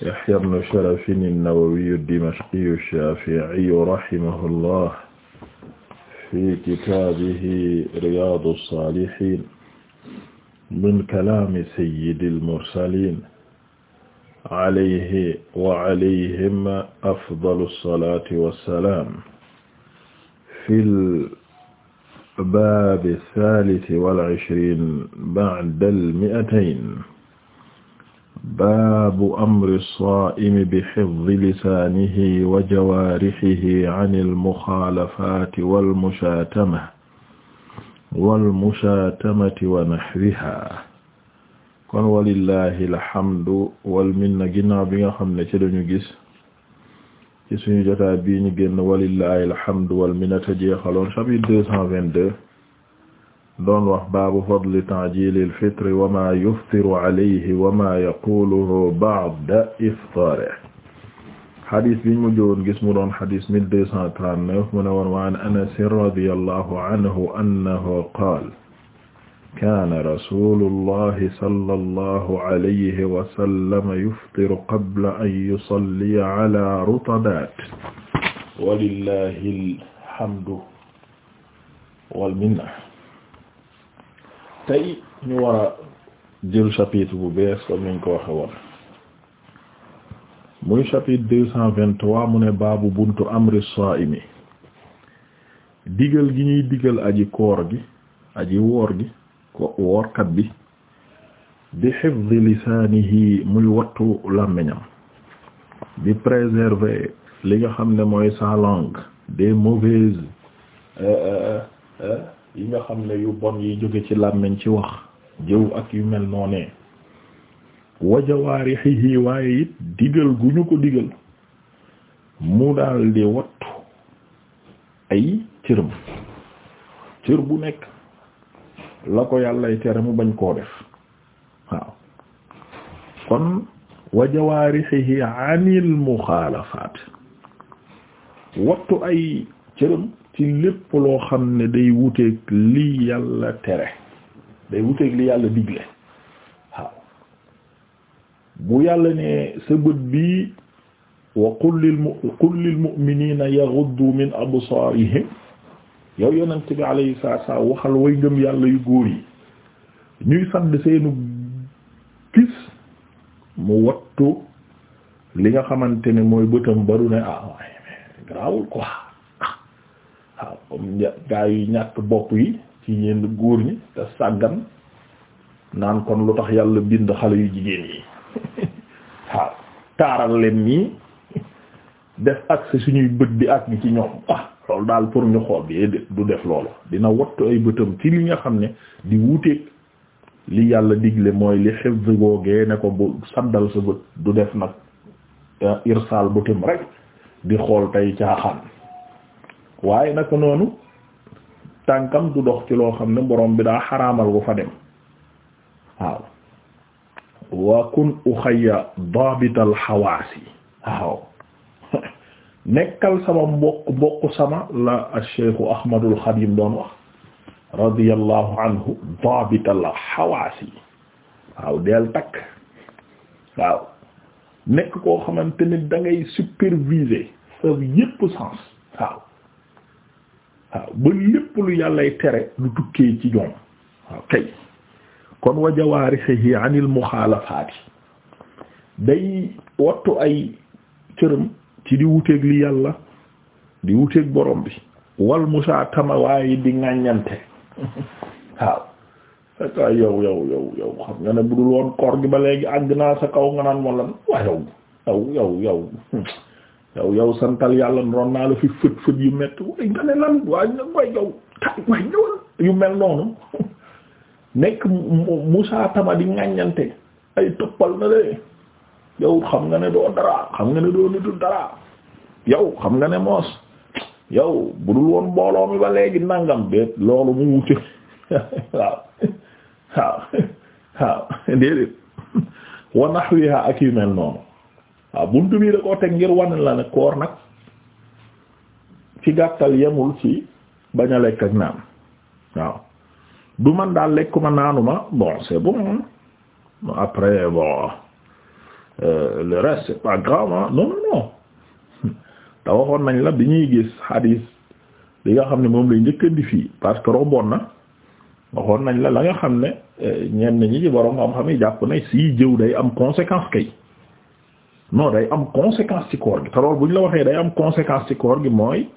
Yahya ibn Sharaf an-Nawawi ad-Dimashqi ash-Shafi'i rahimahullah fi kitaabihi Riyaadu as-Saalihiin min kalaami sayyidil mursaliin alayhi wa alayhim afdalu as-salaati was-salaam fil baabi ath-thaalith wal ishriin ba'da al-mi'atayn baabu amri saa'imi bi hifzi lisaanihi wa jawaarihihi anil muxaalafaati wal mushaatamati wal mushaatamati wa nahwihaa kon walillaahi alhamdu wal minna ginnaaw bi nga xam ne ci lañu gis ci suñu jotaay bii ñu génn walillaahi alhamdu wal minna te jeexaloon chapitre 222 doon wax baabu fadli ta'jiilil fitri wa maa yuftiru alayhi wa maa yaquluhu ba'da iftaarihi xadis bi mu jowoon gis mu doon xadis 1239 mu ne woon wa an Anas radiyallahu anhu annahu qaala kaana rasuulullahi sallallahu alayhi wa sallam yuftiru qabla an yusalliya alaa rutabaat walillahil hamdu wal minna tey ñu war jël chapitre bu bees comme niñ ko waxe woon muy chapitre deux cent vingt-trois mu ne baabu buntu amri saimi digal gi ñuy digal aji koor gi aji woor gi ko woorkat bi bi hifzi lisaanihi muy wattu làmmiñam bi préserver li nga xam ne mooy sa de des yi nga xam ne yu bon yi jóge ci làmmiñ ci wax jëw ak yu mel noonee wa jawaarihi waaye it digal gu ñu ko digal mu daal di wattu ay cëram cër bu nekk la ko yàllay tere mu bañ koo def waaw kon wa jawaarihi anil muxaalafaat wattu ay cëram ci lépp loo xam ne day wuteeg li yàlla tere day wuteeg li yàlla digle bu yàlla ne sa bët bii wa qul lil mu qul lil mu'minina yaghuddu min absarihim yow yonent bi alayhi salaatu waxal way ngëm yàlla yu góor yi ñuy sàdd seenu gis mu wattu li nga xamante ne mooy bëtam baru ne ah waay waaw comme gaa yu ñàkk bopp yi ci ñenn góor ñi te sàggan naan kon lu tax yàlla bind xale yu jigéen yi waaw taaral leen nii def accès suñuy bët bi ak gi ci ñoom ah loolu daal pour ñu xool bi du def loolu dina wattu ay bëtam ci li nga xam ne di wuuteeg li yàlla digle mooy li xef googee ne ko bu saddal sa bët du def nag eh, irsaal bëtam rek di xool tey caaxaan waaye naka noonu tànkam du dox ci loo xam ne borom bi daa xaraamal bu fa dem waaw wa kun uxayya dabital xawaasi waaw nekkal sama mbokk mbokk sama la acheikhu ahmadul xadim doon wax radiyallahu anhu dabital xawaasi waaw deel takk waaw nekk koo xamante nit da ngay sa yépp sens waaw waaw ba lépp lu yàllay tere lu tukkee ci ñoom waaw kay kon wa jawaarihi anil muxaalafaati day wattu ay cëram ci di wuteeg li yàlla di wuteeg borom bi wal musaatama waaye di ŋàññante waaw aka yow yow gi ba léegi àgg naa sa kaw nga naan ma lan waa yaw yow santal yàlla ron naa la fi fët fët yu métti waaye nga ne lan waaye nag mooy yow yu mel noonu nekk Moussa Tama di ŋàññante ay toppal na de yow xam nga ne doo dara xam nga ne doo nitu dara yow xam nga ne moos yow bu dul woon mbooloo mi ba léegi nangam beet loolu mu wuute waaw waaw waaw déedéet wa nahwiha ak yu mel noonu waaw buntu bii da teg ngir wan la ne koor nag ci gàttal yemul ci bañ a lekk ak naan waaw du man daal lekkuma naanuma bon c'est bon après bon euh, le reste c'est pas grave non te waxoon nañ la bi ñuy gis xadiis li nga xam ne moom lay njëkkandi fii parce que romboon na waxoon nañ la la nga xam ne euh, ñenn ñi ci borom xam-xam yi jàpp nañ si jëw day am conséquence kay non day am conséquence ci koor gi te loolu bu ñu la waxee day am conséquence ci koor gi mooy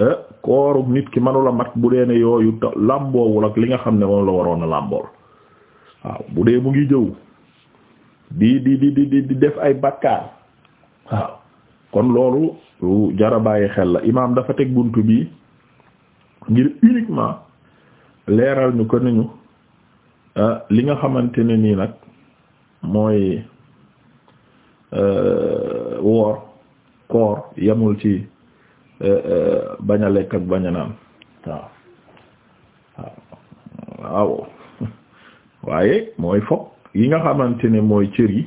euh, kooru nit ki manula mat bu dee ne yooyu làmboowul ak li nga xam ne moom la waroon a làmbool waaw bu dee bu ngi jëw di di di di di def ay bakkaar waaw kon loolu lu jara bàyyi xel la imaam dafa teg bunt bi ngir uniquement leeral ñu ko nañu euh, li nga xamante ne nii nag mooy Euh, woor koor yamul ci euh, euh, bañ a lekk ak bañ a naan waaw waaw waaye mooy fokk yi nga xamante ni mooy cër yi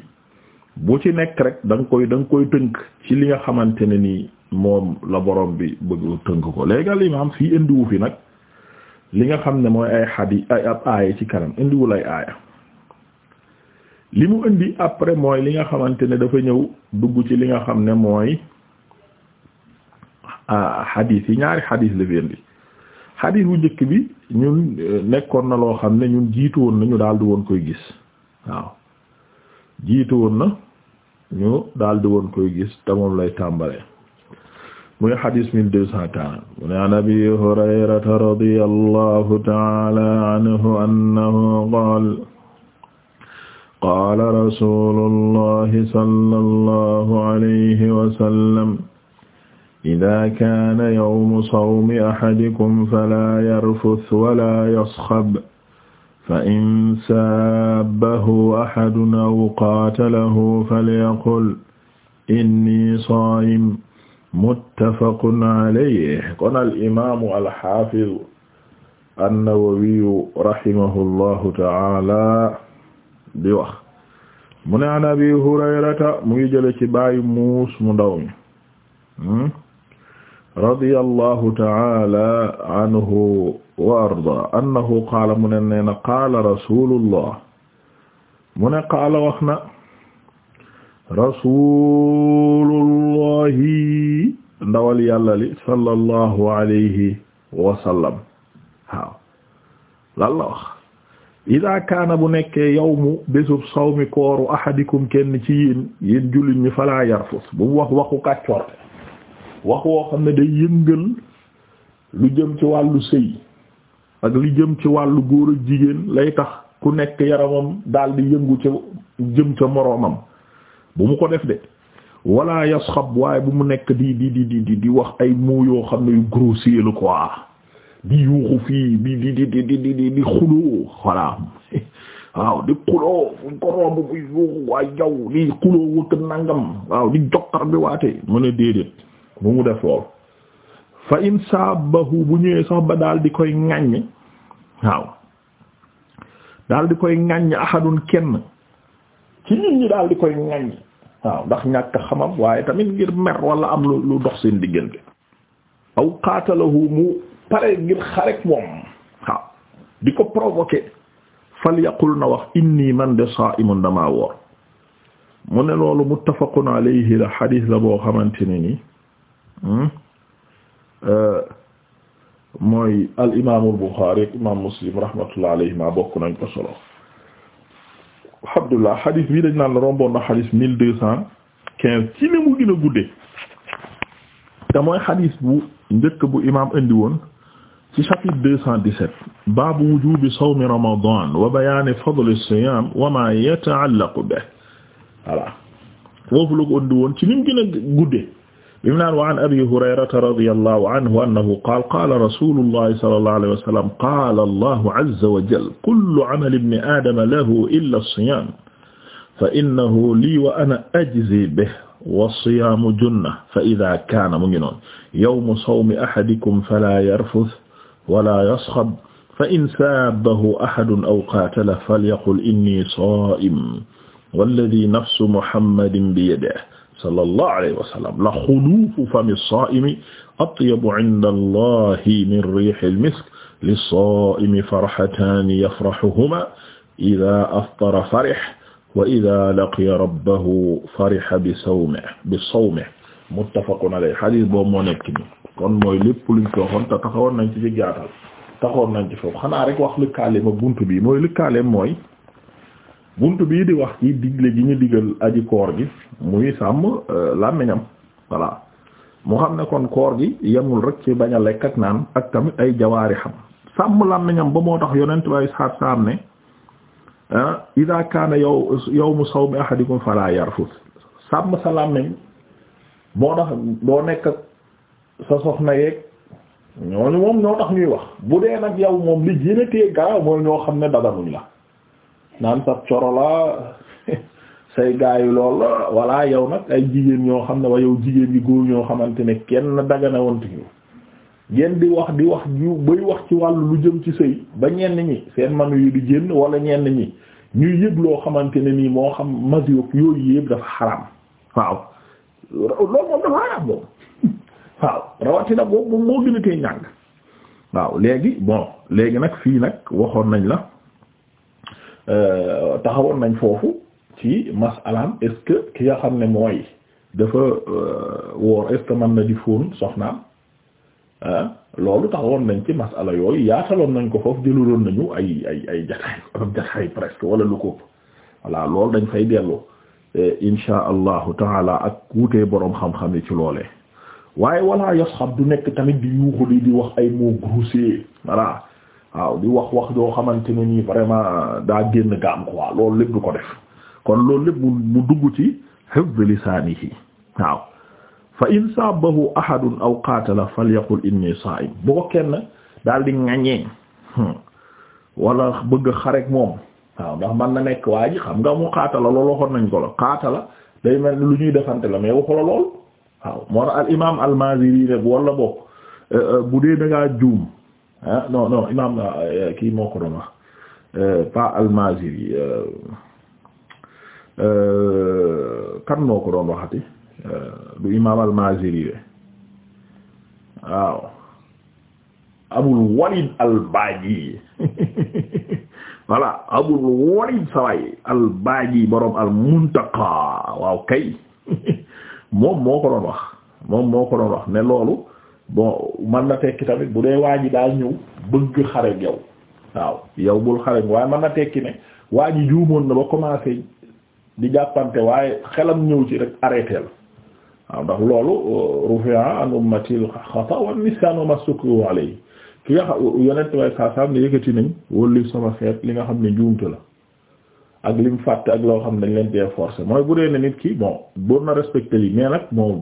bu ci nekk rek danga koy da koy tënk ci li nga xamante ne nii moom la borom bi bëgg tënk ko léegi al imaam fii indiwu fi nag li nga xam ne mooy ay xadi ay ab aaya ci kanam indiwul ay aaya li mu indi après mooy li nga xamante ne dafa ñëw dugg ci li nga xam ne mooy ah, xadiis yi ñaari xadiis la fi indi xadiis bu njëkk bi ñun euh, nekkoon na loo xam ne ñun jiitu woon na ñu daal di woon koy gis woon na ñu koy gis te moom lay tàmbalee muy xadiis mille deux cent quarante mu ne an abi hurayrata radiyallahu ta'ala anhu annahu qaala rasuulullahi sallallahu alayhi wa sallam idaa kaana yawmu sawmi ahadikum falaa yarfus walaa yasxab fa in saabbahu ahadun aw qaatalahu falyaqul inni saa'im muttafaqun alayhi kon al-imaamu al-haafiz an-nawawiyu rahimahu llahu ta'aala di wax mu ne an abi hurayrata mu ngi jële ci baayu muus mu ndaw mi hmm? radiyallahu ta'ala anhu wa arda annahu qaala mu ne nee na qaala rasulullah mu ne qaala wax na rasulullahi ndawal yàlla li sallallahu alayhi wa sallam waaw lan la wax ida kaana bu nekkee yawmu bésub sawmi kooru ahadikum kenn ci yéen yéen jullit ñi falaa yarfus bu mu wax waxu kàccoorte wax woo xam ne day yëngal lu jëm ci wàllu sëy ak lu jëm ci wàllu góor ak jigéen lay tax ku nekk yaramam daal di yëngu ca jëm ca moroomam bu mu ko def de wala yasxab waaye bu mu nekk di di di di di wax ay muu yoo xam ne yu grossier lu quoi di yuuxu fii di di di di di di di xuloo voilà waaw di xuloo fu ko bu yuuxu waa yow di xuloo wëkk nangam waaw di jokkar bi waate mu ne déedéet bu mu def lool fa in saabahu bu ñëwee sax ba daal di koy ŋàññ waaw daal di koy ŋàññ ahadun kenn ci nit ñi daal di koy ŋàññ waaw ndax ñàkk xamam waaye tamit ngir mer wala am lu lu dox seen diggante aw qaatalahu mu pare ngir xarek moom waaw di ko provoquer fal na wax inni man de sa'imun damaa woor mu ne loolu muttafaqun alayhi la xadiis la boo xamante ne nii hmm? euh, mooy al imaamul Buxaari ak imaam Muslim rahmatullah alayhima bokk nañ ko solo alhamdulillah xadiis bii dañ naan la romboon na xadiis mil deux cent quinze ci ne mu gën guddee te xadiis bu njëkk bu imaam indi woon ci chapitre 217 baabu wujubi sawmi ramadan wa bayaani fadli siyam wa ma yataallaqu be voilà foofu la ko andi woon ci nim gën a gudde bi mu naan wa an abi hurayrata radiyallahu anhu annahu qaala qaala rasulullahi sallallahu alayhi wa sallam qaala allahu azza wa jalla kullu amali ibni aadama lahu illa as-siyam fa innahu lii wa ana ajzi bihi was-siyaamu junna fa idhaa kaana mu ngi noon yawmu sawmi ahadikum falaa yarfuth wala yasxab fa in saabahu ahadun aw qaatala falyaqul inni saa'im walladii nafsu muhammadin biyadihi sallallahu alayhi wa sallam la xuluufu fami saa'imi atyabu inda allahi min riihil misk lissaa'imi farxataani yafraxuhumaa idaa aftara farix wa idaa laqiya rabbahu farixa bisawmihi bisawmihi muttafaqun alayhi hadiis boobu moo nekk nii kon mooy lépp luñ ko te taxawoon nañ ci ci gaatal taxawoon nañ ci foofu xanaa rek wax lëkkaaleem ak bunt bi mooy lëkkaaleem mooy bunt bii di wax ci digle gi ñu digal aji koor gi muy sàmm euh, làmmiñam voilà mu xam ne kon koor gi yemul rek ci bañ a lekk ak naan ak tamit ay jawaari xam sàmm làmmiñam ba moo tax yonent way saat saam ne ah, ida kaana yow yawmu sawmi ahadikum fala yarfus sàmm sa làmmiñ moo tax doo nekk sa soxna yeeg ñooñu moom ñoo tax ñuy wax bu dee nag yow moom li gën garaw mooy ñoo xam ne daganuñ la naan sa coro la say gaayu lool walla yow nag ay jigéen ñoo xam ne wa yow jigéen yi góor ñoo xamante ne kenn daganawante ñu ngeen di wax di wax ju wax ci wàllu jëm ci sëy ba ñenn ñi seen manu yu di génn wala ñi ñuy yëpp loo xamante ne nii moo xam masiok yooyu yëpp dafa xaraam waaw loolu moom dafa xaraam moom waaw rawatina boobu moo gën a tee ñàng waaw léegi bon léegi nag fii nag waxoon nañ la euh, taxawoon nañ foofu ci masalaam est-ce que ki nga xam ne mooy dafa euh, woor est-ce que mën na di fóon soxnaam loolu taxawoon nañ ci masala yooyu yaataloon nañ ko foofu jëluloon nañu ay ay ay jataay jataay presque wala lu ko voilà loolu dañ fay dellu insha allahu taala ak wutee boroom xam-xam yi ci loolee waaye wala yasxab du nekk tamit di yuuxu lii di wax ay moo grossiers voilà waaw di wax wax joo xamante ne nii vraiment daa génn gaam quoi lool lépp du ko def kon loolu lépp mu dugg ci hifz lisaanihi waaw fa in saabahu ahadun aw qaatala falyaqul inni saa'im bu ko kenn daal di ŋaññee hmm, wala bëgg xarek moom waaw ndax man na nekk waa xam nga mu qaatala loolu waxoon nañ ko la qaatala day mel lu ñuy defante la mais waxu la lool waaw moo tax al imaam al Maaziri ne wala boog eh, eh, bu dee da juum ah non imaam eh, kii moo ko doon wax pas al Maaziri kan moo ko doon waxati du imaam al Maaziri waaw Abul Walid al Baaji voilà Abul Walid saway al Baaji borom al Muntaqa waaw kay. moom moo ko doon wax moom moo ko doon wax ne loolu bon man na tekki tamit bu dee waa ji daal ñëw bëgg xare yow waaw yow bul xare waaye mën na tekki ne waa ji juumoon na ba commencé di jàppante waaye xelam ñëw ci rek arrêté la waaw ndax loolu rufi'a an ummatil xata wa nisaan masuku alayhi ki nga xam yonent way saa sam ne yëkkati nañ wólu sama xeet li nga xam ne njuumte la ak lim fàtte ak loo xam ne dañ leen cee forcer mooy bu dee ne nit ki bon boo na respecté li mais nag moom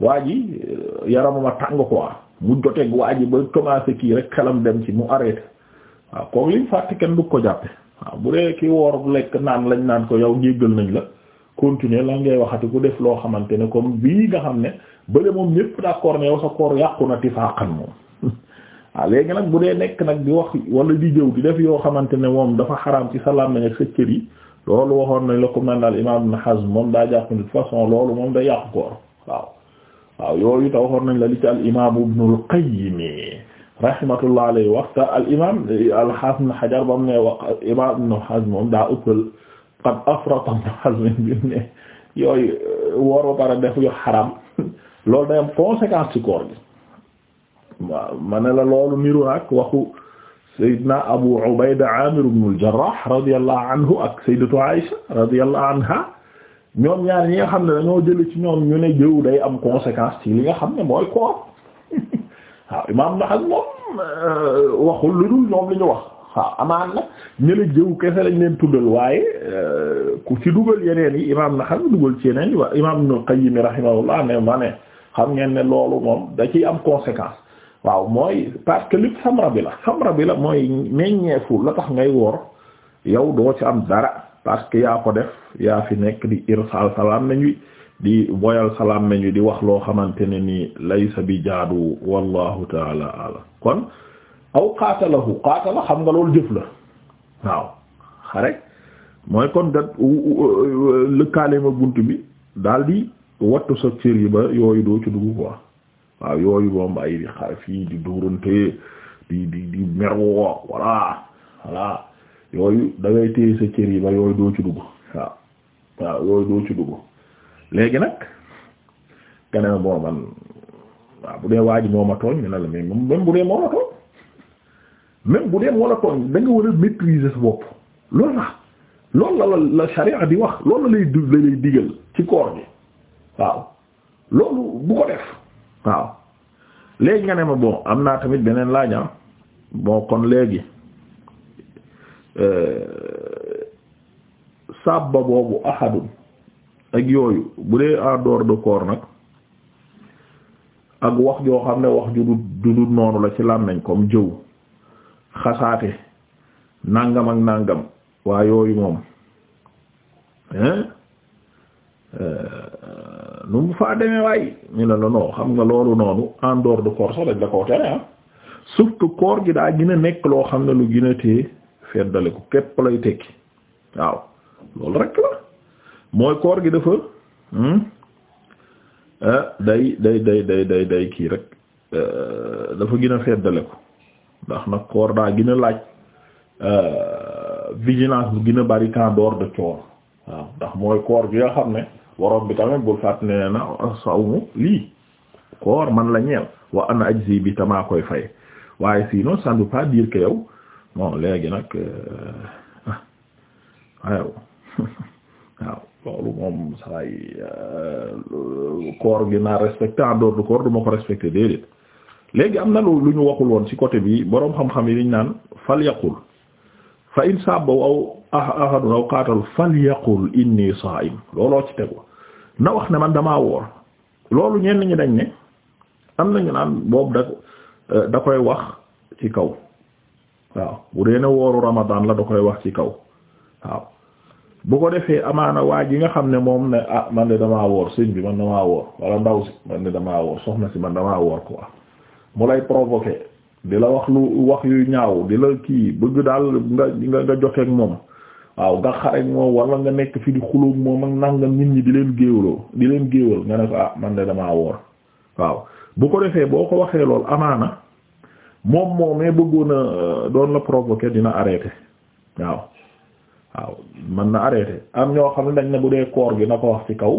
waa ji euh, yaramama tàng quoi mu joteeg waa ji ba commencé kii rek xelam dem ci mu arrêté waaw kooku lim fàtte kenn du ko jàppe waaw bu dee kii woor lekk naan lañ naan ko yow jéggal nañ la continuer lan ngay waxati ku def loo xamante ne comme bii nga xam ne bële moom ñépp d'accord ne yow sa koor yàqu na tifaaqan moom waaw léegi nag bu dee nekk nag bi wax wala di jëw bi def yoo xamante ne moom dafa xaraam ci sa làmmiñ ak sa yi loolu waxoon nañ la ko mel daal imaam Ibn Hazm moom daa jàpp ni façon loolu moom da yàqu koor waaw waaw yooyu ta waxoon nañ la li ci al imaam Ibnul Qayyim rahmatullah alayhi waxta al imaam al Haafiz Ibn Hajar ba mu ne wax imaam Ibn Hazm moom daa ëppal qad afrata Ibn Hazm bi ne yooyu woor ba pare def yu xaraam loolu day am ci koor gi waaw ma ne la loolu niru nag waxu Seydina Abu Ubayda Amir ibn al-Jarrah radiyallahu anhu ak Sayyidatu Aïsha radiyallahu anha ñoom ñaar ñi nga xam ne dañoo jël ci ñoom ñu ne jëw day am conséquence ci li nga xam ne mooy koor waaw imaam Nahal moom euh, waxul lu dul ñoom li ñu wax waaw amaan nag ñële jëw kese lañ leen tuddal waaye euh, ku ci dugal yeneen yi imaam Nahal dugal ci yeneen yi waa imaam Ibn Qayyim rahimahullah ne ma ne xam ngeen ne loolu moom da am conséquence waaw mooy parce que samra bi la samra bi la mooy meññeefu la tax ngay woor yow doo ci am dara parce yaa ko def yaa fi nekk di irsaal salaam nañu di boyal salaam nañu di wax loo xamante ne ni laysa bi jaadu wallahu taala alam kon aw qaatalahu qaatala xam nga loolu jëf la waaw xare mooy kon dat lëkkaale ma bunt bi daal di wattu sa cër yi ba yooyu doo ci dugg quoi waaw yooyu moom ay di xar fii di dóorante di di di merwoo voilà voilà yooyu dangay ngay téye sa cër yi ba yooyu doo ci dugg waaw waaw yooyu doo ci dugg léegi nag nga ne bon waaw bu dee waa ji moo ma tooñ ñu ne la mais bu dee moo la tooñ même bu dee moo la tooñ da nga war a maîtriser bopp loolu la loolu la la la di wax loolu la lay du la lay ci koor gi waaw loolu bu ko def. waaw léegi nga ne ma bon am naa tamit beneen laaja ah. bon kon léegi euh, sàbba boobu ahadun ak yooyu bu dee en dehors de corps nag ak wax joo xam ne wax ju du du noonu la ci làmmiñ comme jëw xasaate nàngam ak nàngam waa yooyu moom hein euh, nu mu faa demee waay ñu ne la non xam nga loolu noonu en dehors de corps sax dañ la koo tere ah surtout koor gi daa gën a nekk loo xam ne lu gën a téye feddale ko képp lay tekki waaw loolu rek mooy koor gi dafa hmm? eh, day day day day day day kii rek eh, dafa gën a feddale ko ndax nag koor daa gën a laaj eh, vigilance bu gën a bari temps dehors de corps waaw ndax mooy koor gi nga xam ne boroom bi tamit bul fàtt nee na sawmu lii koor man la ñeel wa ana ajzi bi tamaa koy fay waaye sinon ça ne veut pas dire que yow bon léegi nag euh, ah, waaw loolu moom saay euh, koor gi naa respecté en dehors du koor ko respecté déedéet léegi am na lu lu ñu waxul woon ci côté bi boroom xam-xam yi liñ naan fal yaqul fa in sabaw aw ah-, ahadun aw qaatal fal yaqul inni saa'im looloo ci tegu na wax ne man damaa woor loolu ñenn ñi dañ ne am nañu naan boobu da euh, da koy wax ci kaw waaw bu dee ne wooru Ramadan la da koy wax ci kaw waaw bu ko defee amaana waa ji nga xam ne moom ne ah man de damaa woor sëñ bi man damaa woor wala ndaw si man de damaa woor soxna si man damaa woor quoi mu lay provoquer di la wax lu wax yu ñaaw di la kii bëgg daal nga nga nga joteeg moom waaw nga xarek moom wala nga nekk fi di xulóog moom ak nangam nit ñi di leen géewloo di leen géewal nga ne ko ah man de damaa woor waaw bu ko defee boo ko waxee lool amaana moom moomee bëggoon a euh, doon la provoquer dina arrêté waaw waaw mën na arrêté am ñoo xam ne dañ ne bu dee koor gi na ko wax ci kaw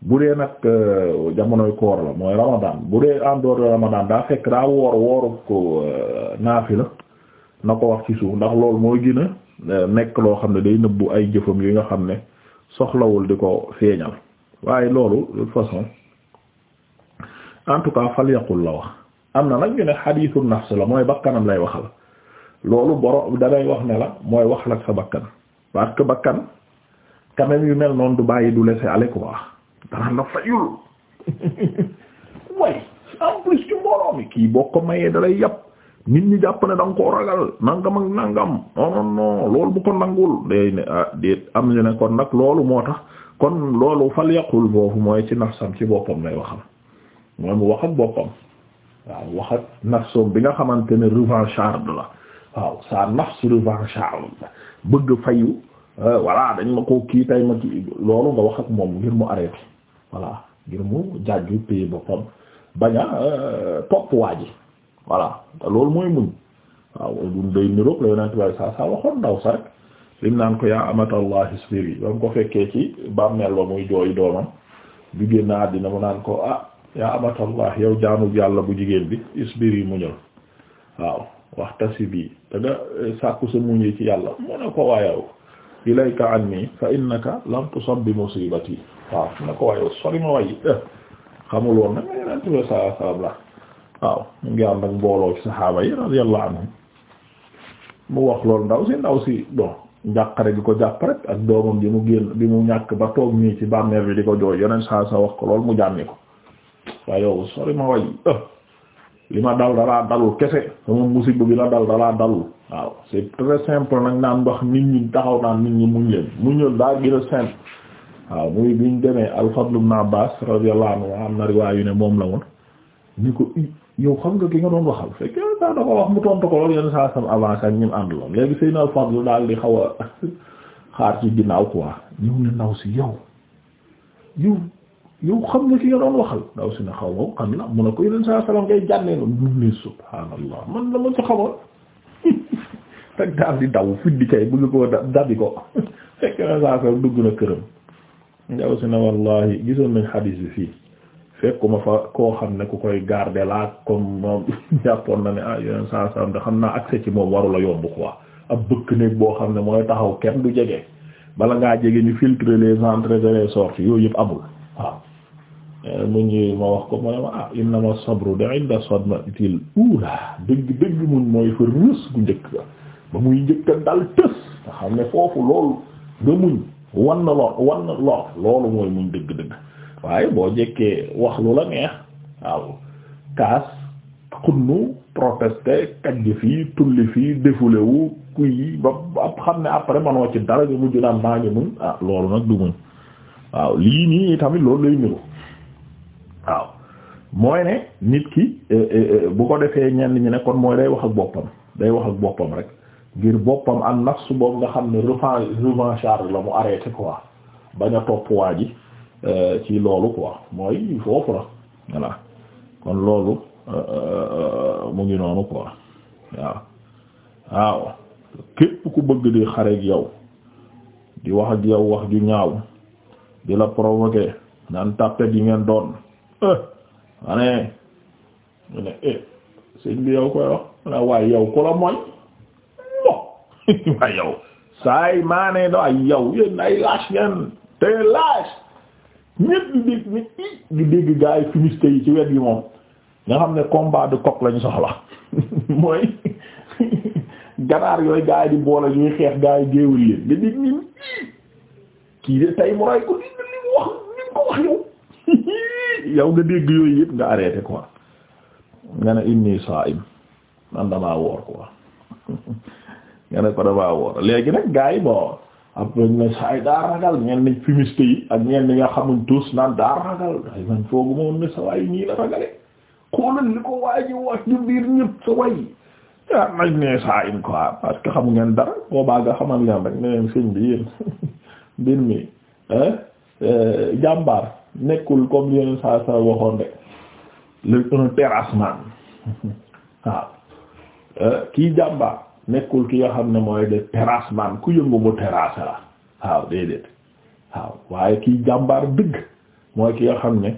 bu dee nag euh, jamonoy koor la mooy ramadan bu dee en dehors de ramadan daa fekk daa woor wooru ko euh, naafi la na ko wax ci suuf ndax loolu mooy gën a Euh, nekk loo xam ne day nëbbu ay jëfam yu nga xam ne soxlawul di ko feeñal waaye loolu de toute façon en tout la wax am na nag ñu ne xadiitu nafs la mooy bakkanam lay waxal loolu boro danay wax ne la mooy wax la ak sa bakkan parce que bakkan quand yu mel noonu du bàyyi du laisser aller quoi dara la fayul way en plus ci mbooloo mi kii boo ko mayee dalay yàpp nit ñi jàpp ne da nga koo ragal nangam ak nangam oh, non loolu bu ko nangul day ah, am ñu ne kon nag loolu moo tax kon loolu fal yàqul foofu mooy ci nafsam ci boppam lay waxal mooy mu wax ak boppam waaw wax ak nafsam bi nga xamante ne revancharde la waaw sa nafsu revancharde la bëgg fayu eh, voilà dañ ma ko kii tay ma kii loolu nga wax ak moom ngir mu arrêté voilà ngir mu jaaju pay boppam bañ eh, topp waa voilà te loolu mooy muñ waaw du day niroog la yonent bi saa saa waxoon ndaw sa rek lim naan ko yaa amatallah isbiri ba mu ko fekkee ci bàmmeel ba muy jooy doomam bi génn àddina mu naan ko ah yaa amatallah yow jaanu yàlla bu jigéen bi isbiri muñal waaw wax tasi bii te sàkku sa muñee ci yàlla mu ne ko waayaw ilayka anni fa innaka lam tusab bi musibati waaw mu ne ko waayaw sori ma way xamuloon nag yonent bi saa saa la waaw mu ngi ànd ak mbooloo saxaaba yi radiyallahu mu wax lool ndaw si ndaw si bon njàqare bi ko jàpp rek ak doomam bi mu génn bi mu ñàkk ba toog nii ci bàmmeel bi di ko jooy yeneen saa sa wax ko loolu mu jànni ko waaye yow sori ma way li ma dal dalaa dalul kese sama musiba bi la dal dalaa dalul waaw c'est très simple nag naan wax nit ñi taxaw naan nit ñi muñ leen muñal daa gën simple waaw muy biñ demee al-Fadl ibn Abbas radiyallahu na riwaay yu ne yow xam nga ki nga doon waxal fekk daa dafa wax mu tontu ko lool yenn saa sam avancé ak ñim ànd lool léegi Seydina Fadl daal di xawa a xaar ci ginnaaw quoi ñëw ne ndaw si yow yow yow xam nga ki nga doon waxal ndaw si na xaw ma kan mu ne ko yeneen saa salaam ngay jànnee loolu mu ne subhaanallah man la ma ci xamoon rek daal di daw fiddi kay koo da dabi ko fekk na saa salaam dugg na këram ndaw si ne wallahi gisoon nañ xadiis bi fii. fekkuma fa koo xam ne ku koy garder laa comme moom jàppoon na ne ah yeneen saa saa da xam naa accès ci moom warula yomb quoi ab bëkk néeg boo xam ne mooy taxaw kenn du jege bala ngaa jege ñu filtrer les entrées et les sorties yooyu yëpp amul waaw. Eh, mu ngi ma wax ko mu ne ma ah innama sabru de inda sadmatil ula dëgg dëgg mun mooy fa rës gu njëkk ba muy njëkka dal tës nga xam ne foofu loolu nga muñ wan na wan na loolu mooy muñ dëgg-dëgg waaye boo jekkee wax lu la neex waaw kaas xunnu protester kajj fii tulli fii défulé kuy ba xam ne après manoo ci dara nga mujj naan maa ngi muñ ah loolu nag du muñ waaw lii nii tamit loolu lay niru waaw mooy ne nit ki eh, eh, eh, bu ko defee ñenn ñi ne kon mooy day wax ak boppam day wax ak boppam rek ngir boppam am nafsu boobu nga xam ne revanche revanchard la mu arrêté quoi bañ a topp waa ji Euh, ci loolu quoi mooy foofu la kon loolu euh, euh, mu ngi noonu quoi waaw waaw képp ku bëgg di xare ak yow di wax ak yow wax ju ñaaw di la provoquer naan tàppet yi ngeen doon ma eh, ne mu eh, ne bi yow koy wax mu ne la mooy waaye yow saay maa ne da yow yéen ay lâche ngeen te lâche ñépp di dégg nit di dégg yi fumiste yi ci wet yi moom nga xam ne combat de coq lañu soxla mooy ganaar yooy gars yi di boole ñuy xeex gars yi géewul leen nga dégg nii kii de tey mu nga dégg yooyu yépp nga arrêté quoi nga ne inni sa'im man damaa woor quoi nga ne ko damaa woor léegi nag gars yi après ñu ne saay daa ragal ñenn fumiste yi ak ñenn nga xamuñ tous naan daa ragal foogu moom ne sa waay ñii la ragale xoolal li ko waa ji wax ñu biir ñëpp sa way ah nañ ne saa in quoi parce que xam ngeen dara boobaa nga xamal leen rek ne sëñ bi yéen mbir mi euh, jàmbaar nekkul comme yeneen saa saa waxoon rek le terrassement waaw euh, kii jàmbaar nekkul ki nga xam ne mooy de terrassement ku yëngu mu terrasse la waaw déedéet waaw waaye kiy jàmbaar dëgg mooy ki nga xam ne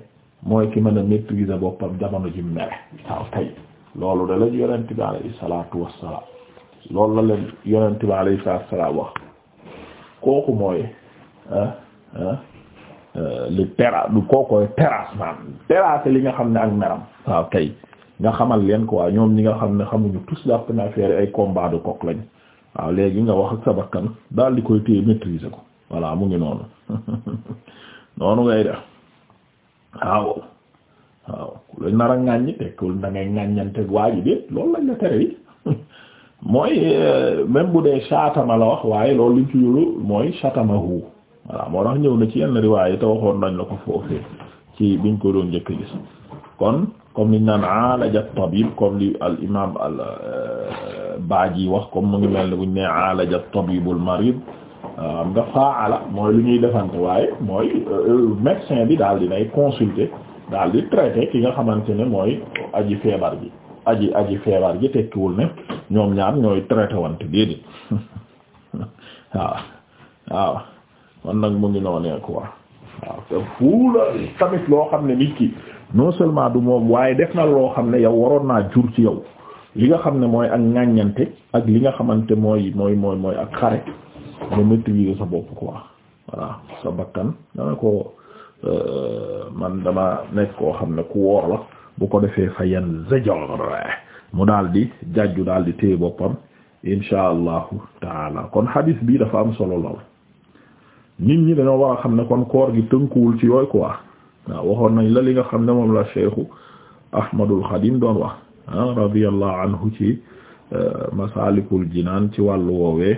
mooy ki mën a maîtriser boppam jamono ji mere waaw tay loolu da lañ yonent bi alayhi salaatu wassalaam loolu la leen yonent bi alayhi salaatu wassalaam wax kooku mooy ah ah, ah li terra lu kookoy li nga xam ne ak meram waaw tay nga xamal leen quoi ñoom ñi nga xam ne xamuñu tous jàpp na affaire ay combat de lañ waaw léegi nga wax ak sa bakkan daal di koy téye maîtriser ko voilà mu ngi noonu noonu ngay def waaw waaw waa ji déet loolu lañ tere yi mooy euh, même bu dee shatama la wax waaye loolu liñ ci yulu mooy shatamahu voilà moo tax ñëw na ci yenn riwaay te waxoon nañ la ko foofee ci biñ ko doon jëkk gis kon comme liñ naan alaja tabib comme li al imam al euh, baaji wax comme mu ngi mel ne buñ nee alaja tabibul marid am euh, nga faala mooy lu ñuy defante waaye mooy euh, médecin bi daal di nay consulter daal di traiter ki nga xamante ne mooy aji feebar bi aji aji feebar ji tekkiwul ne ñoom ñaar ñooy traité wante déedéet waaw waaw kon nag mu ngi noonee quoi waaw tamit loo xam ne nit ki non seulement du moom waaye def na loo xam ne yow waroon naa jur ci yow li nga xam ne mooy ak ŋàññante ak li nga xamante mooy mooy mooy mooy ak xare nga maîtriser sa bopp quoi voilà sa bakkan ko euh, man dama nekk koo xam ne ku woor la bu ko defee fa yan zajar mu daal di jàjju daal di téye boppam insha allahu taala kon hadis bi dafa am solo lool nit ñi dañoo war a xam ne kon koor gi tënkuwul ci yooyu quoi waaw waxoon nañ la li nga xam ne moom la cheikhu ahmadul xadim doon wax ah radiyallahu anhu ci euh, masalikul jinaan ci wàllu woowee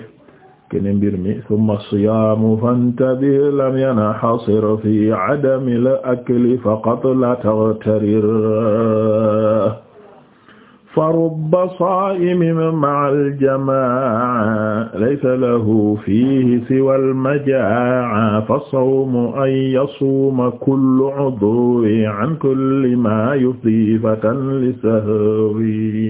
kene mbir mi thumma siyaamu fantabih lam yanxasir fi adami la akli faqat la taghtarir farubba saa'imin ma'al jamaa'a laysa lahu fiihi siwal majaa'a fasawmu an yasuuma kullu 'udwin 'an kulli maa yufdii fatan lisahwi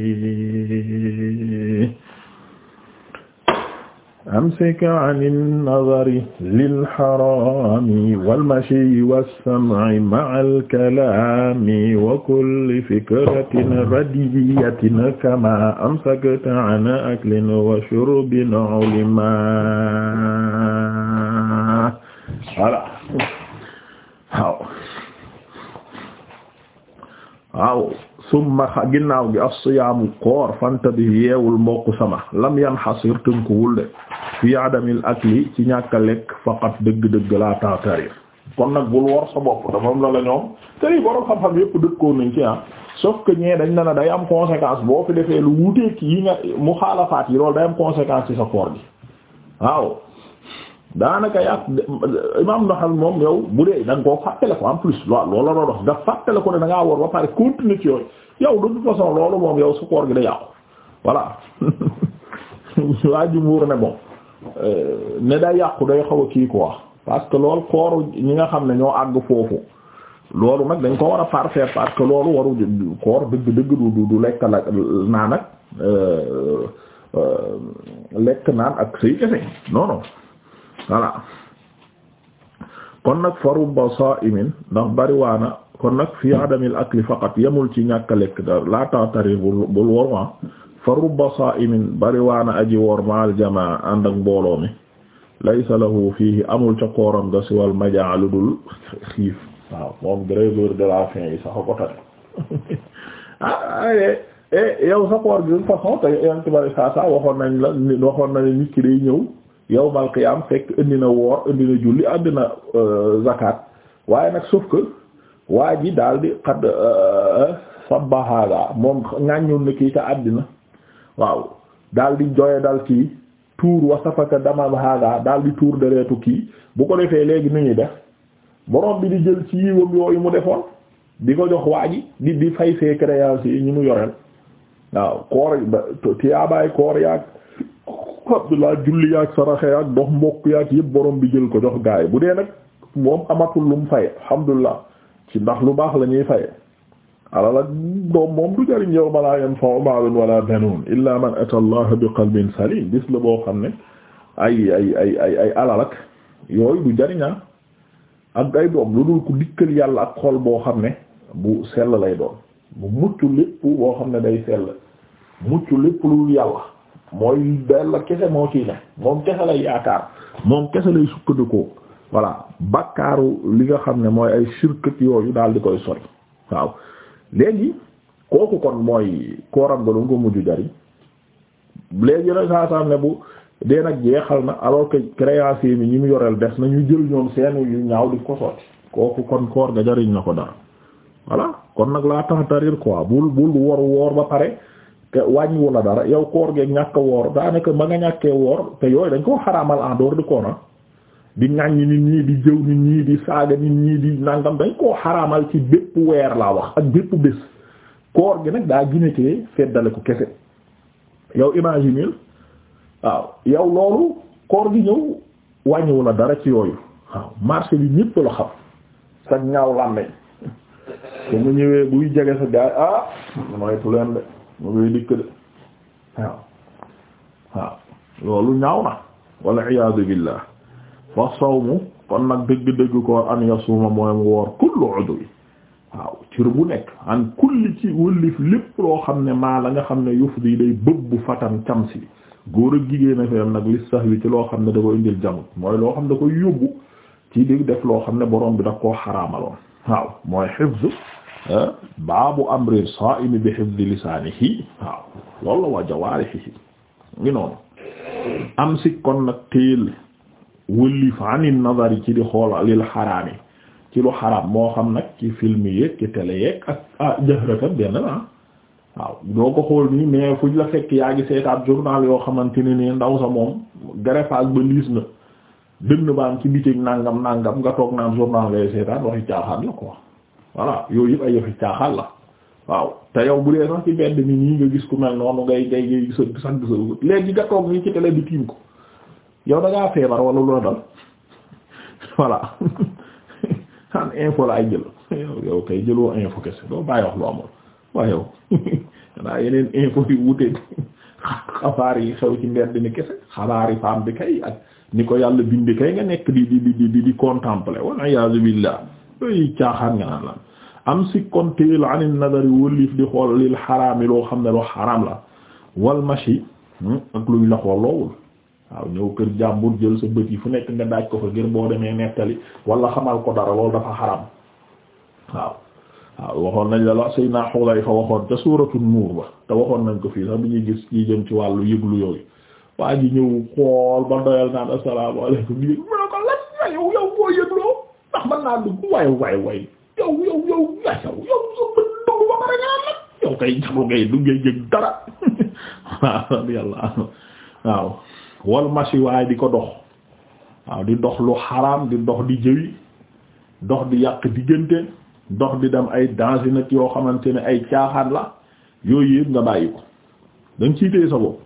amsik an an-nazari lil harami wal mashi was-sam'i ma'al kalami wa kulli fikratin radiyatin kama amsakta an aklin wa shurbin ulima voilà waaw waaw summa ginnaaw gi as-siyaamu koor fantabi yeewul mbokk sama lam yanhasir tënkuwul de fi ak akli ci ñàkk a lekk faqat dëgg-dëgg laa tatarir kon nag bul wor sa bopp dafa am la la ñoom tey borom xam-xam yëpp dëkkoon nañ ci ah sauf que ñee dañ na la day am conséquence boo fi defee lu wuuteek yi nga muxaalafaat yi loolu day am conséquence ci sa koor gi waaw daanaka yaa imaam Ibn xam moom yow bu dee da koo fàttale ko en plus waaw loolu la doon wax nga fàttale ko ne da ngaa ba pare continuer ci yooyu yow de toute façon loolu moom yow su koor gi da yàqu voilà waa jumhuur ne bon euh, ne day yàqu day xaw a kii quoi parce que loolu kooru ñi nga xam ne ñoo àgg foofu loolu nag dañ ko war a parfaire parce que loolu waru koor dëgg dëgg du du lekk la naan ak euh, euh, lekk naan ak say kese non non voilà kon nag farubba sa'imin ndax bariwaana kon nag fi adamil akli faqat yemul ci ñàkk a lekk dara la tatari bul worma farubba sa'imin bariwaana aji worma al jamaa ànd ak mbooloo mi laysa lahu fiihi amul ca kooram ga siwal majaalu dul xiif waaw moom grève de la faim yi sax ko tane ah eh, eh, yow waxoon nañ la waxoon nañ nit yawmal qiyaam fekk indi na woor indi na julli indi na euh, waaye nag sauf que waa ji daal di xad euh, euh, sabahada moom ŋàññul na kii ca àddina waaw daal di joye dal kii tuur wasafaka damam hada daal di tuur deretu kii bu ko defee léegi nu ñuy def borom bi di jël ci yiwam yooyu mu defoon di ko jox waa ji di di fay fee créance yi ñu mu yoreel waaw koor tiyaabaay koor yaag abdullah julli yaag saraxe yaag dox mbokk yaag yëpp boroom bi jël ko jox gaay bu dee nag moom amatul lu mu faye alhamdulilah ci ndax lu baax la ñuy faye alal ak doom moom du jariñ yow ma laa yanfa'u maalun wala banuun illaa man ata allah bi qalbin salim bis la boo xam ne ay ay ay ay ay alal ak yooyu du jariñaa ak ay doom lu dul ku dikkal yàlla ak xol boo xam ne bu sell lay doon bu mucc lépp boo xam ne day sell mucc lépp lu yàlla mooy della kese moo ciy ne moom kese lay yaakaar moom kese lay sukkandikoo voilà bakkaaru li nga xam ne mooy ay shirkat yooyu daal di koy sori waaw léegi kooku kon mooy kooram nga lu ko mujj jari léegi nag saa saa ne bu dee nag jeexal na alors que créance yi ñi mu yoreel des na ñu jël ñoom seen yu ñaaw di ko sotti kooku kon koor nga jariñ na ko dara voilà kon nag laa tax tarir quoi bul bul wor woor ba pare. wàññiwu la dara yow koor geeg ñàkk woor daanaka ma nga ñàkkee woor te yooyu dañ koo xaraamal en dehors du koor ah. di ŋàññi nit ñi di jëw nit ñi di saaga nit ñi di nangam dañ koo xaraamal ci bépp weer laa wax ak bépp bés koor gi nag daa ginekee feddale ko kese yow imagine waaw yow loolu koor gi ñëw wàññiwu la dara ci yooyu waaw marché bi ñépp la xam sa ñaaw làmmeñ te mu ñëwee buy jege sa gaay ah moytu de mu ngay dikk de waaw waaw loolu ñaaw na walla iyaadu billah fa sawmu kon nag dëgg dégg koor an yasuma mooy mu woor kullu udwi waaw cir bu nekk an kulli ci wëllif lépp loo xam ne maa la nga xam ne yufdi yi day bëbb fatan cam si góor ak jigéen a fiyam nag li sax wi ci loo xam ne da koy indil jamut mooy loo xam ne da koy yóbbu ci di def loo xam ne boroom bi daf koo xaraamaloon waaw mooy xifz Ah, baabu amri saa'imi bi hifdi lisaanihi waaw loolu la wa jawaarihi ngi noonu am si kon nag téel wëllif ani nazari ci di xool lil xaraam yi ci lu xaraam moo xam nag ci film yeeg ci télé yeeg ak ah jëxërakat benn la waaw doo ko xool nii mais fuñ la fekk yaa ngi seetaat journal yoo xamante ne ni ndaw sa moom greffage ba liis na dënn baam ci bitig nangam nangam nga toog naan journal ngay seetaat waxi caaxaan la quoi voilà yooyu yëpp ay yëfi caaxaan la waaw te yow bu dee sax ci mbedd mi nga gis ku mel noonu ngay ngay ngay gisa sax gisal léegi nga nii ci télé bi tiim ko yow da feebar wala lu la dal voilà an info laay jël yow yow kay jëloo info kese doo bàyyi wax lu amul waaye yow xanaa yeneen info yu wuute xabaar yi xew ci mbedd mi kese xabaar yi faam bi kay ak ni ko yàlla bindi kay nga nekk di di di di di contempler wal iyaazu billah ay caaxaan nga naan lan am si kontéel anil nadari wëlif di xool lil xaraami loo xam ne loo xaraam la wal mashi hmm, ak luñ la xool loowul waaw ñëw kër jàmbur jël sa bët yi fu nekk nga daaj ko fa ngir boo demee nettali wala xamal ko dara loolu dafa xaram waaw waaw waxoon nañ la la Seydina Xudayfa waxoon te suuratul nuur ba te waxoon nañ ko fii sax bi ñuy gis ci jëm ci wàllu yëglu yooyu waa ji ñëw xool ba doyal naan assalaamu alaykum mën naa dugg waay waay waay yow yow yow yow ba du ngay jëg dara waaw radiyallahu waaw waaye di ko dox waaw di dox lu xaram di dox di jëwi dox di yàq diggante dox di dem ay dangi nag yoo xamante ni ay caaxaan la yooyu yëpp nga bàyyi ko dañ ciy sa bopp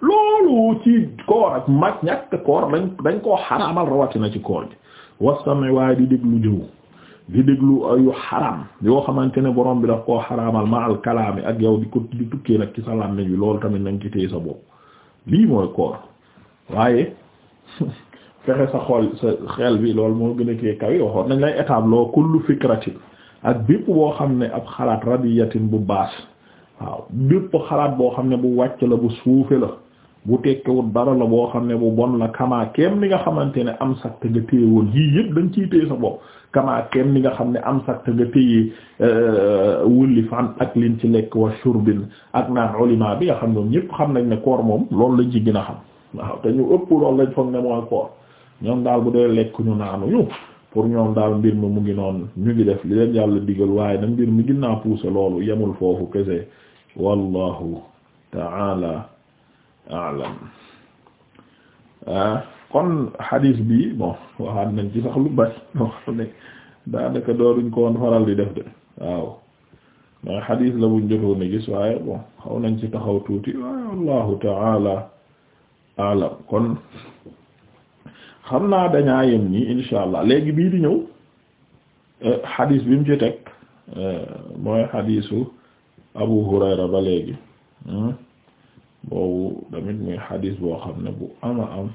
loolu ci koor ak mag ñàkk koor dañ dañ koo xaraamal rawatina ci koor gi wasami waaye di déglu jëw di déglu yu xaraam yoo xamante ne borom bi daf koo xaraamal ma al kalaami ak yow di ko di tukkee nag ci sa làmmiñ bi loolu tamit nañ ci téye sa bopp lii mooy koor waaye fexe sa xool sa xel bi loolu moo gën a kee kaw yi waxoon nañ lay étape loo kullu fikratin ak bépp boo xam ne ab xalaat radiyatin bu baas waaw bépp xalaat boo xam ne bu wàcc la bu suufe la bu tekkiwut dara la boo xam ne bu bon la kamaa keem li nga xamante ne am sakk nga téye woon yii yëpp dañ ciy téye sa bopp kamaa keem li nga xam ne am sakk nga téye euh, wulli fan ak liñ ci lekk wa shurbin ak naan ulima bi nga xam ne ñëpp xam nañ ne koor moom loolu lañ ci gin a xam waaw te ñu ëpp loolu lañ foog ne mooy koor ñoom daal bu dee lekk ñu naanuñu pour ñoom daal mbir mi mu ngi noonu ñu ngi def li leen yàlla digal waaye nag mbir mi gën naa pousser loolu yemul foofu kese wallahu alam kon hadith bi bon waxaat nañ ci sax lu bari daanaka dooruñ ko woon faral di def de waaw mooy hadith la buñ jotoon na gis waaye bon xaw nañ ci taxaw tuuti waaye wallahu taala alam kon xam naa dañaa yem nii insha allah léegi bii di ñëw hadith bi mu ci teg mooy hadithu Abu Hurayra ba léegi hmm? boobu tamit muy xadis boo xam ne bu ama am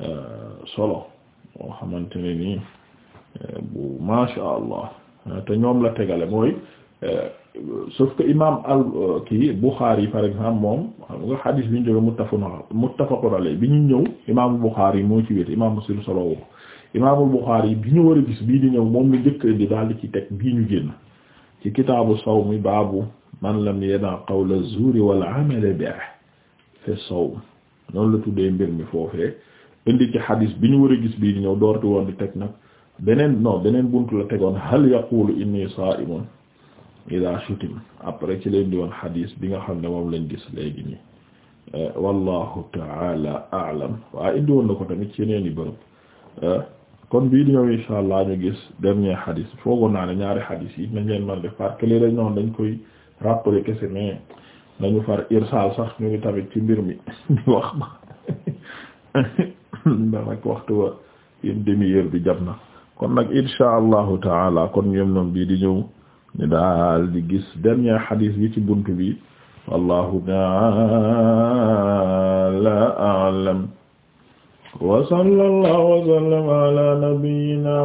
euh, solo boo xamante ne nii euh, bu masha allah euh, te ñoom la tegale mooy sauf que imam al kii yi par exemple moom xam nga xadis bi ñu jóge muttafaqun muttafaqun alayhi bi ñu ñëw imam Bukhari moo ci wéete imam Muslim solo woo imamul Bukhari bi ñu war a gis bii di ñëw moom la njëkk di daal di ci teg bii ñu génn ci kitaabu mi baabu man lam yada qawla zuuri wal amala bihi fa sawm noonu la tuddee mbir mi foofee indi ci xadis bi ñu war a gis bii di ñëw doorti woon di teg nag beneen beneen buntu la tegoon hal yaqulu inni sa'imun ila shutim après ci leen di woon xadis bi nga xam ne moom lañ gis léegi nii wallahu taala aalam waaye indi woon na ko tamit ci yeneen i bërëb kon bii di ñëw insha allah ñu gis dernier xadis foogoon naa ne ñaari xadis yi nañ leen mën a def parce que lii dañ koy rappelé kese mais nañu far irsaal sax ñu ngi ci mbir mi ñu wax ba ba waxtu wa une demi kon nag insha allahu taala kon ñoom ñoom bii di ñëw ñu daal di gis dernier hadith bi ci buntu bi wallahu taala a'lam wa sallallahu wa sallama ala nabiyyina